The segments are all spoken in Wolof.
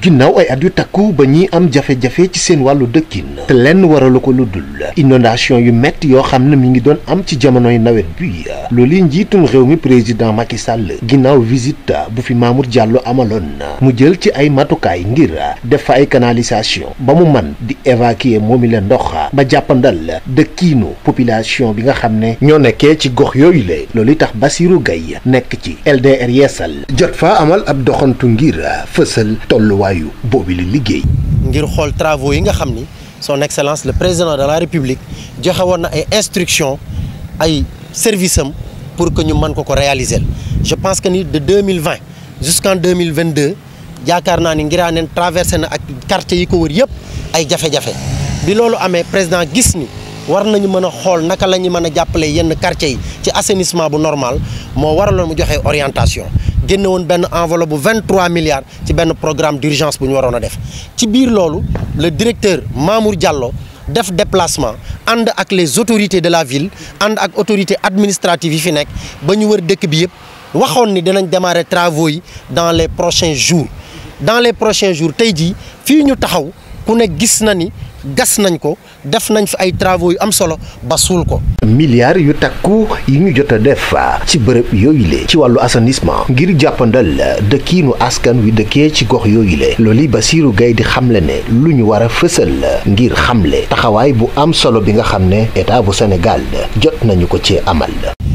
ginnaaw ay at yu takku ba ñi am jafe-jafe ci seen wàllu dëkkin te lenn waralu ko lu dul inondation yu métti yoo xam ne mi ngi doon am ci jamonoy nawet bi loolu njiitum réew mi président Macky Sall ginnaaw visite bu fi Mamour Diallo amaloon mu jël ci ay matukaay ngir def fa ay canalisation ba mu man di évacuer moomi leen ndox ba jàppandal dëkkiinu population bi nga xam ne ñoo nekkee ci gox yooyu la loolu tax Bassirou Gueye nekk ci LDR Yeesal jot fa amal ab doxantu ngir fësal taxawaayu boobi la ngir travaux yi nga son excellence le président de la république joxe woon na ay instructions ay services pour que ñu mën ko ko réaliser je pense que ni de 2020 jusqu'en 2022 yakarna naa ni Nguiranéne traverser na ak quartier yi ko wër yépp ay jafé jafé bi lolu amé président gis ni war nañu mëna a naka lañu mëna jappalé yenn quartier yi ci assainissement bu normal mo waraloon mu joxé orientation nous avons enveloppe de 23 milliards ci le programme d'urgence pour nous. waroon def le directeur Mamour Diallo def déplacement avec les autorités de la ville et les autorités administratives yi fi nekk ba Nous wër travaux dans les prochains jours dans les prochains jours a dit fii ñu taxaw ku ne gas nañ ko def nañ fi ay travaux yu am solo ba suul ko. milliards yu takku yi ñu jot a def ci bërëb yooyu ci wàllu assainissement ngir jàppandal dëkkiinu askan wi dëkkee ci gox yooyu le loolu Bassirou Gaye di xamle ne lu ñu war a fësal ngir xamle taxawaay bu am solo bi nga xam ne état bu Sénégal jot nañu ko ci amal.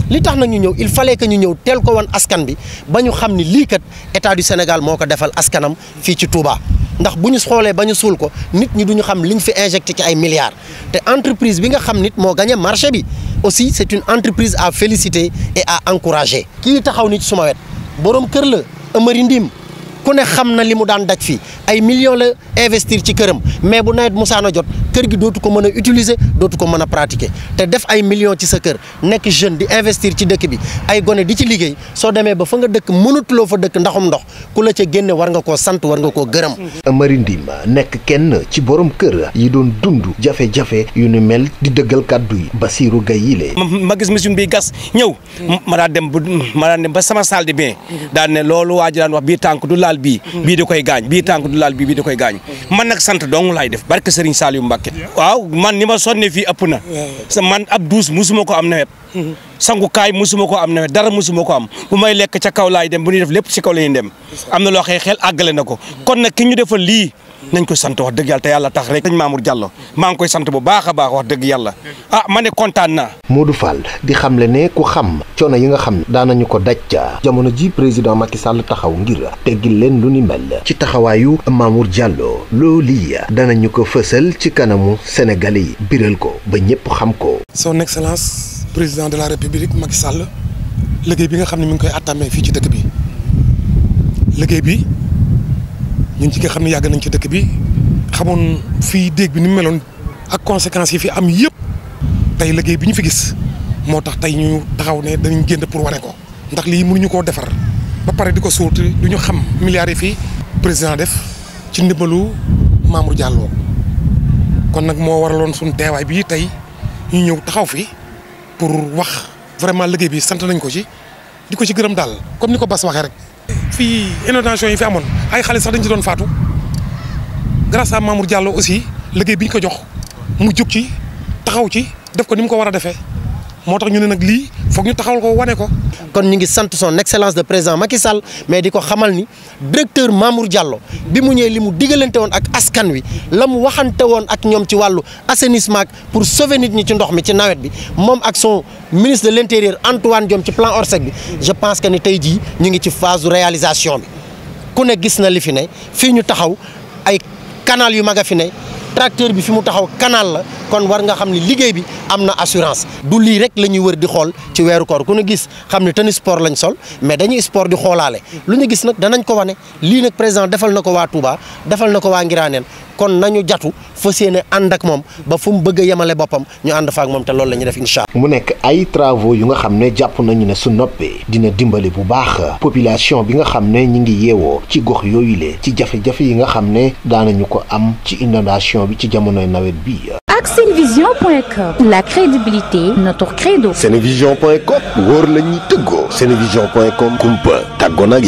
li tax na ñu ñëw il fallait que ñu ñëw teel ko woon askan bi ba ñu xam ni lii kat état du Sénégal moo ko defal askanam fii ci Touba. ndax buñu xolé bañu sul ko nit ñi duñu xam liñ fi injecté ci ay milliards té entreprise bi nga xam nit mo gagné marché bi aussi c'est une entreprise à féliciter et à encourager ki taxaw ni ci suma wette borom kër la ku ne xam na li mu daan daj fii ay millions la investir ci këram mais bu nawet musaana jot kër gi dootu ko mën a utiliser dootu ko mën a pratiquer te def ay million ci sa kër nekk jeune di investir ci dëkk bi ay gone di ci liggéey soo demee ba fa nga dëkk mënatuloo fa dëkk ndaxum ndox ku la ca génne war nga koo sant war nga koo gërëm. Amary ma nekk kenn ci borom kër yi doon dund jafe-jafe yu ni mel di dëggal kàddu yi Basirou Gaye yile. ma gis machine bi gas ñëw. ma dem ba ma de bain mm-hmm. daan ne bii mm-hmm. bii da koy gaañ bii tànk du bii bii da koy gaañ mm-hmm. man nag sant dong laay def barke Serigne Saliou Mbacké waaw man ni ma sonne fii ëpp na sa man ab douche musuma ko am nawet mm-hmm. sangukaay musuma ko am nawet dara musuma ko am bu may lekk ca kaw laay dem bu ñuy def lépp ci kaw dem am na loo xëy xel àggale na ko kon nag ki ñu lii nañ ko sant wax dëgg yàlla te yàlla tax rek sëñ Mamour Diallo maa ngi koy sant bu baax a baax wax dëgg yàlla ah ma ne kontaan naa. Modou Fall di xamle ne ku xam coono yi nga xam daanañu ko daj ca jamono ji président Macky Sall taxaw ngir a teggil leen lu ni mel ci taxawaayu Mamour Diallo loolu ñu ko fësal ci kanamu Sénégalais yi biral ko ba ñëpp xam ko. son excellence président de la république Macky Sall liggéey bi nga xam ne mu ngi koy attamé fii ci dëkk bi bi. ñun ci nga xamni yag nañ ci dëkk bi xamoon fi dégg bi ni meloon ak conséquences yi fi am yépp tay liggéey biñu fi gis motax tay ñu taxaw né dañu gënd pour waré ko ndax lii mënuñu ko défar ba paré diko ko duñu xam milliards yi fi président def ci ndimbalu Mamour Diallo kon nak mo waraloon sun téway bi tay ñu ñëw taxaw fi pour wax vraiment liggéey bi sant nañ ko ci diko ci gërëm dal comme niko Bass waxé rek fi ay grâce à Mamour Diallo aussi le bi fait ko jox mu fait, ci taxaw ci def moo tax ñu ne nag lii foog ñu taxawal ko wane ko. kon ñu ngi sant son excellence de président Macky Sall mais di ko xamal ni directeur Mamour Diallo bi mu ñëwee li mu digalante woon ak askan wi la mu waxante woon ak ñoom ci wàllu assainissement pour sauver ñi ci ndox mi ci nawet bi moom ak son ministre de l' intérieur Antoine Diome ci plan Orsec bi je pense que ni tey jii ñu ngi ci phase réalisation bi ku ne gis na li fi ne fii ñu taxaw ay canal yu mag a fi ne. tracteur bi fi mu taxaw canal la kon war nga xam ni liggéey bi am na assurance du lii rek la ñuy wër di xool ci weeru koor ku ñu gis xam ne tennis sport lañu sol mais dañuy sport di xoolaale lu ñu gis nag danañ ko wane lii nag président defal na ko waa Touba defal na ko waa Ngiraneen kon nañu jatu fa yéene ànd ak moom ba fu mu bëgg a yemale boppam ñu ànd fa ak moom te loolu la ñuy def incha allah. mu nekk ay travaux yu nga xam ne jàpp nañu ne su noppee dina dimbali bu baax population bi nga xam ne ñi ngi yeewoo ci gox yooyu le ci jafe yi nga xam ne daanañu ko am ci inondation bi ci jamonoy nawet bi vision.com la crédibilité notre credo Cinevision.com, world vision.com. C'est une kumpa tàggoon